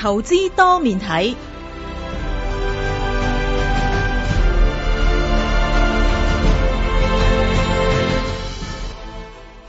投資多面體。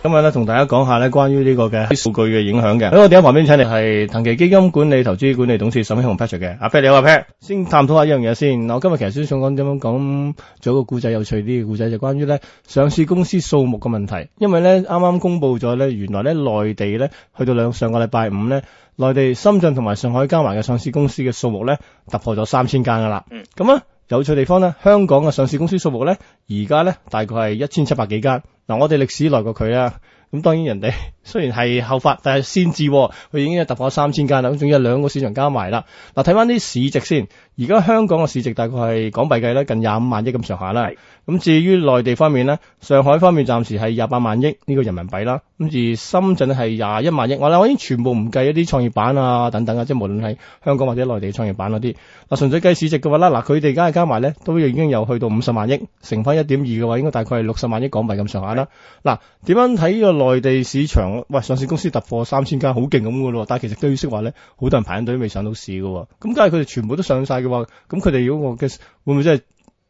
今日咧同大家講下咧關於呢個嘅數據嘅影響嘅，喺我哋喺旁邊請嚟，係騰祺基金管理投資管理董事沈慶洪 Patrick 嘅。阿 Pat 你好，阿 Pat 先探討一下一樣嘢先。嗱，我今日其實想講點樣講，仲有一個故仔有趣啲嘅故仔，就關於咧上市公司數目嘅問題。因為咧啱啱公布咗咧原來咧內地咧去到兩上個禮拜五咧內地深圳同埋上海加埋嘅上市公司嘅數目咧突破咗三千間噶啦，咁啊有趣地方呢，香港嘅上市公司數目咧而家咧大概係一千七百幾間。嗱、嗯，我哋歷史來過佢啊。咁當然人哋雖然係後發，但係先至、哦，佢已經係突破三千間啦。咁仲有兩個市場加埋啦。嗱，睇翻啲市值先。而家香港嘅市值大概係港幣計咧，近廿五萬億咁上下啦。咁是至於內地方面咧，上海方面暫時係廿八萬億呢個人民幣啦。咁而深圳係廿一萬億。我啦我已經全部唔計一啲創業板啊等等啊，即係無論係香港或者內地創業板嗰啲。嗱，純粹計市值嘅話啦，嗱，佢哋而家係加埋咧，都已經有去到五十萬億，乘翻一點二嘅話，應該大概係六十萬億港幣咁上下啦。嗱是，點樣睇呢、呢個？內地市場喂，上市公司突破三千間，好勁咁噶咯，但係其實都要識話咧，好多人排緊隊未上到市噶，咁但係佢哋全部都上晒嘅話，咁佢哋嗰個嘅會唔會真係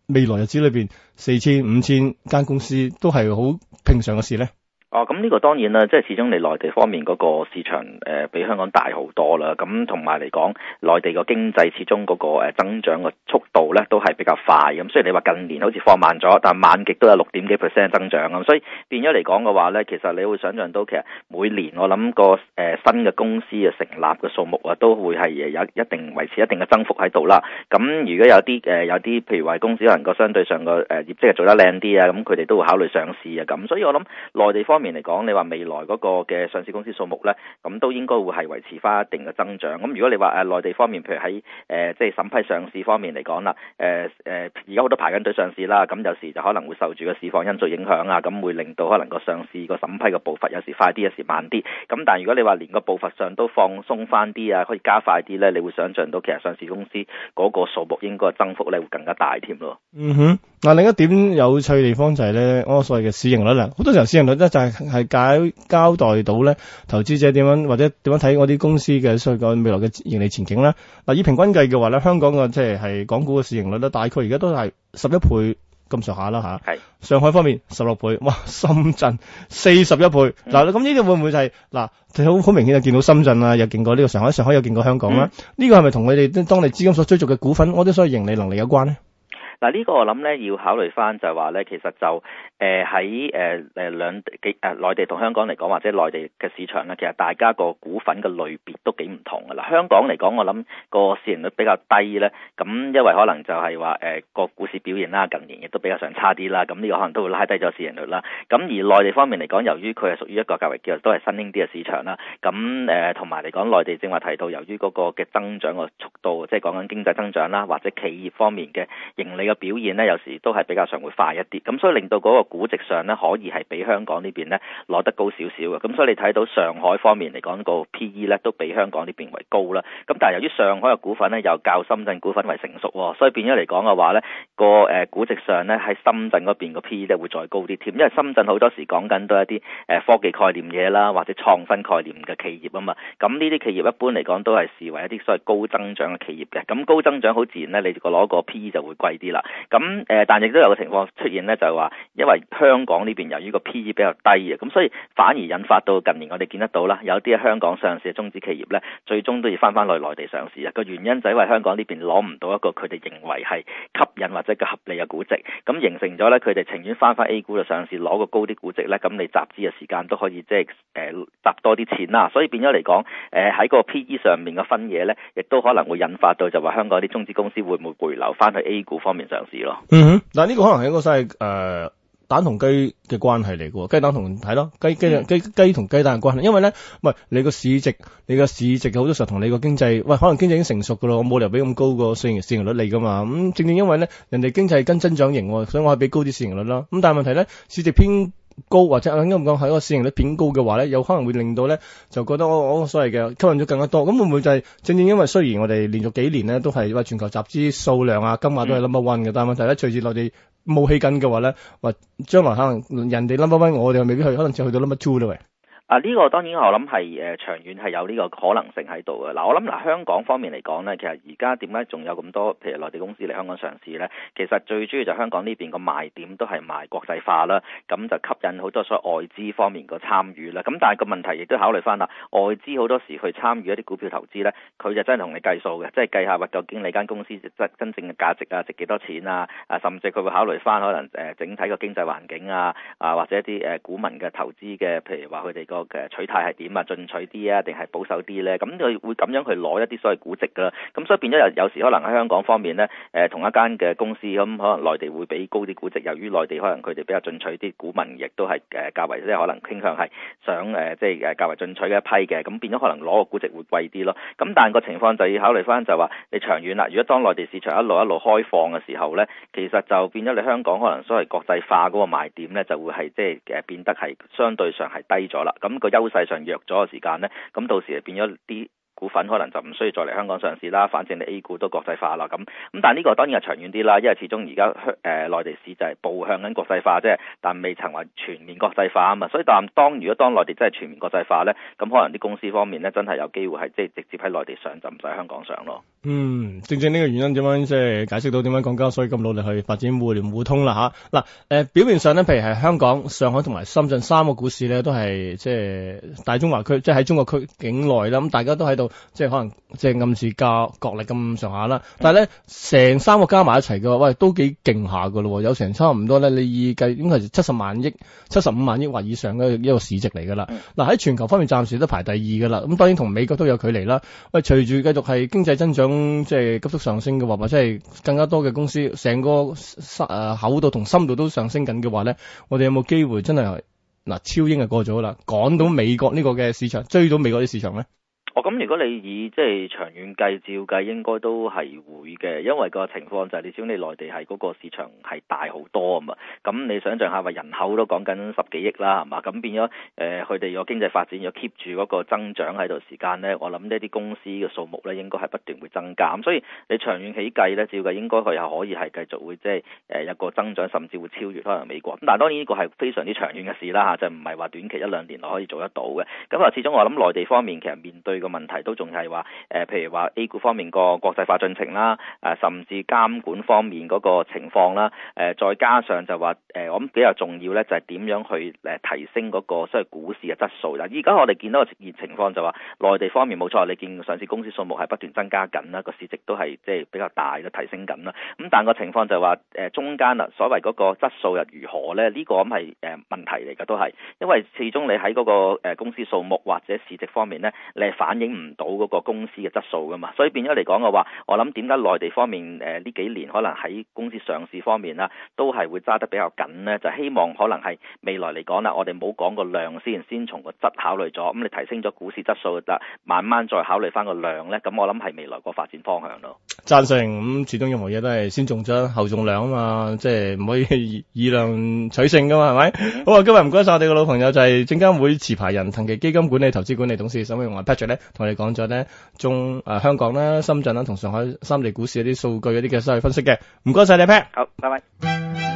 未來日子裏邊四千、五千間公司都係好平常嘅事咧？哦，咁呢個當然啦，即係始終你內地方面嗰個市場誒、呃，比香港大好多啦。咁同埋嚟講，內地個經濟始終嗰個誒增長嘅速度咧，都係比較快。咁雖然你話近年好似放慢咗，但係慢極都有六點幾 percent 增長。咁所以變咗嚟講嘅話咧，其實你會想象到其實每年我諗個誒、呃、新嘅公司嘅成立嘅數目啊，都會係有一定維持一定嘅增幅喺度啦。咁如果有啲誒、呃、有啲譬如話公司可能個相對上個誒、呃、業績係做得靚啲啊，咁佢哋都會考慮上市啊。咁所以我諗內地方。方面嚟講，你話未來嗰個嘅上市公司數目咧，咁都應該會係維持翻一定嘅增長。咁如果你話誒內地方面，譬如喺誒即係審批上市方面嚟講啦，誒誒而家好多排緊隊上市啦，咁有時就可能會受住個市況因素影響啊，咁會令到可能個上市個審批嘅步伐有時快啲，有時慢啲。咁但係如果你話連個步伐上都放鬆翻啲啊，可以加快啲咧，你會想像到其實上市公司嗰個數目應該增幅咧會更加大添咯。嗯哼，嗱，另一點有趣地方就係、是、咧，我所謂嘅市盈率咧，好多時候市盈率咧就係、是。係解交代到咧，投資者點樣或者點樣睇我啲公司嘅相關未來嘅盈利前景咧？嗱，以平均計嘅話咧，香港嘅即係係港股嘅市盈率咧，大概而家都係十一倍咁上下啦吓。係是上海方面十六倍，哇！深圳四十一倍。嗱、嗯，咁呢啲會唔會就係嗱？好好明顯就見到深圳啊，又勁過呢個上海，上海又勁過香港啦。呢、嗯、個係咪同佢哋當地資金所追逐嘅股份，或啲所謂盈利能力有關咧？嗱，呢個我諗咧要考慮翻就係話咧，其實就。誒喺誒誒兩幾誒內地同香港嚟講，或者內地嘅市場咧，其實大家個股份嘅類別都幾唔同㗎啦。香港嚟講，我諗個市盈率比較低咧，咁因為可能就係話誒個股市表現啦，近年亦都比較上差啲啦，咁、這、呢個可能都會拉低咗市盈率啦。咁而內地方面嚟講，由於佢係屬於一個較為叫做都係新興啲嘅市場啦，咁誒同埋嚟講內地正話提到，由於嗰個嘅增長嘅速度，即係講緊經濟增長啦，或者企業方面嘅盈利嘅表現咧，有時都係比較上會快一啲，咁所以令到嗰、那個估值上咧可以係比香港呢邊咧攞得高少少嘅，咁所以你睇到上海方面嚟講個 P E 咧都比香港呢邊為高啦。咁但係由於上海嘅股份咧又較深圳股份為成熟，所以變咗嚟講嘅話咧，個誒估值上咧喺深圳嗰邊個 P E 咧會再高啲添，因為深圳好多時講緊都係一啲科技概念嘢啦，或者創新概念嘅企業啊嘛。咁呢啲企業一般嚟講都係視為一啲所謂高增長嘅企業嘅，咁高增長好自然咧，你如果攞個 P E 就會貴啲啦。咁但亦都有個情況出現咧，就係話因為香港呢邊由於個 P E 比較低嘅，咁所以反而引發到近年我哋見得到啦，有啲香港上市嘅中資企業咧，最終都要翻翻去內地上市啊。個原因就係因為香港呢邊攞唔到一個佢哋認為係吸引或者個合理嘅估值，咁形成咗咧，佢哋情願翻翻 A 股度上市，攞個高啲估值咧，咁你集資嘅時間都可以即係誒集多啲錢啦，所以變咗嚟講，誒、呃、喺個 P E 上面嘅分野咧，亦都可能會引發到就話香港啲中資公司會唔會回流翻去 A 股方面上市咯。嗯哼，嗱呢個可能係一個西誒。呃蛋同雞嘅關係嚟嘅喎，雞蛋同睇咯，雞雞雞雞同雞，雞蛋嘅關係，嗯、因為咧唔係你個市值，你個市值好多時候同你個經濟，喂，可能經濟已經成熟嘅咯，我冇理由俾咁高個市盈市盈率嚟噶嘛。咁、嗯、正正因為咧，人哋經濟跟增長型、哦，所以我係俾高啲市盈率咯。咁、嗯、但係問題咧，市值偏高或者啱啱講係一個市盈率偏高嘅話咧，有可能會令到咧就覺得我我所謂嘅吸引咗更加多。咁會唔會就係、係、正正因為雖然我哋連續幾年咧都係話全球集資數量啊金額都係 number one 嘅，嗯、但係問題咧隨住我哋。冇起緊嘅話咧，話將來可能人哋 number one，我哋未必去，可能只去到 number two 啦喂。啊，呢個當然我諗係誒長遠係有呢個可能性喺度嘅。嗱，我諗嗱香港方面嚟講咧，其實而家點解仲有咁多譬如內地公司嚟香港上市咧？其實最主要就香港呢邊個賣點都係賣國際化啦，咁就吸引好多所謂外資方面個參與啦。咁但係個問題亦都考慮翻啦，外資好多時去參與一啲股票投資咧，佢就真係同你計數嘅，即係計下話究竟你間公司真正嘅價值啊，值幾多錢啊？啊，甚至佢會考慮翻可能整體個經濟環境啊，啊或者一啲股民嘅投資嘅，譬如話佢哋個取態係點啊？進取啲啊，定係保守啲呢？咁佢會咁樣去攞一啲所謂估值噶啦。咁所以變咗有有時可能喺香港方面呢，誒、呃、同一間嘅公司咁，可能內地會比高啲估值。由於內地可能佢哋比較進取啲，股民亦都係誒較為即係可能傾向係想誒、呃、即係誒較為進取嘅一批嘅，咁變咗可能攞個估值會貴啲咯。咁但係個情況就要考慮返就話你長遠啦。如果當內地市場一路一路開放嘅時候呢，其實就變咗你香港可能所謂國際化嗰個賣點呢，就會係即係誒變得係相對上係低咗啦。咁咁個優勢上弱咗嘅時間咧，咁到時就變咗啲股份可能就唔需要再嚟香港上市啦，反正你 A 股都國際化啦咁，咁但係呢個當然係長遠啲啦，因為始終而家香誒內地市就係步向緊國際化，即係但未曾話全面國際化啊嘛，所以但係當如果當內地真係全面國際化咧，咁可能啲公司方面咧真係有機會係即係直接喺內地上陣，唔使香港上咯。嗯，正正呢個原因點樣即係解釋到點樣講交，所以咁努力去發展互聯互通啦。吓嗱，誒表面上咧，譬如係香港、上海同埋深圳三個股市咧，都係即係大中華區，即係喺中國區境內啦，咁大家都喺度。即係可能即係暗示價國力咁上下啦，但係咧成三個加埋一齊嘅話，喂都幾勁下噶咯，有成差唔多咧，你預計應該係七十萬億、七十五萬億或以上嘅一個市值嚟噶啦。嗱、啊、喺全球方面暫時都排第二噶啦，咁當然同美國都有距離啦。喂，隨住繼續係經濟增長即係急速上升嘅話，或者係更加多嘅公司，成個口誒厚度同深度都上升緊嘅話咧，我哋有冇機會真係嗱、啊、超英就過咗啦，趕到美國呢個嘅市場，追到美國啲市場咧？咁、哦、如果你以即係長遠計照計應該都係會嘅，因為個情況就係、是、你始終你內地係嗰、那個市場係大好多啊嘛，咁你想象下話人口都講緊十幾億啦，係嘛，咁變咗誒，佢哋個經濟發展要 keep 住嗰個增長喺度，時間咧，我諗呢啲公司嘅數目咧應該係不斷會增加，咁所以你長遠起計咧，照計應該佢又可以係繼續會、就是，即係誒一個增長甚至會超越可能美國。咁但係當然呢個係非常之長遠嘅事啦吓、啊，就唔係話短期一兩年內可以做得到嘅。咁啊，始終我諗內地方面其實面對。個問題都仲係話誒，譬如話 A 股方面個國際化進程啦，誒，甚至監管方面嗰個情況啦，誒，再加上就話誒，我諗比較重要咧，就係點樣去誒提升嗰個所謂股市嘅質素啦。而家我哋見到個情況就話內地方面冇錯，你見上市公司數目係不斷增加緊啦，個市值都係即係比較大都提升緊啦。咁但個情況就話誒中間啦，所謂嗰個質素又如何咧？呢、這個咁係誒問題嚟噶都係，因為始終你喺嗰個誒公司數目或者市值方面咧，你係反。反映唔到嗰個公司嘅質素噶嘛，所以變咗嚟講嘅話，我諗點解內地方面誒呢幾年可能喺公司上市方面啦，都係會揸得比較緊咧,就希望可能係未來嚟講啦，我哋冇講個量先，先從個質考慮咗，咁你提升咗股市質素啦，慢慢再考慮翻個量咧，咁我諗係未來個發展方向咯。贊成咁始終任何嘢都係先重質後重量啊嘛，即係唔可以以量取勝噶嘛，係咪？好啊，今日唔該晒我哋嘅老朋友就係證監會持牌人騰祺基金管理投資管理董事沈慶洪 Patrick 咧。同你講咗咧，中誒、呃，香港啦、深圳啦、同上海三地股市一啲數據，一啲嘅收益分析嘅，唔該晒，你 Pat，好，拜拜。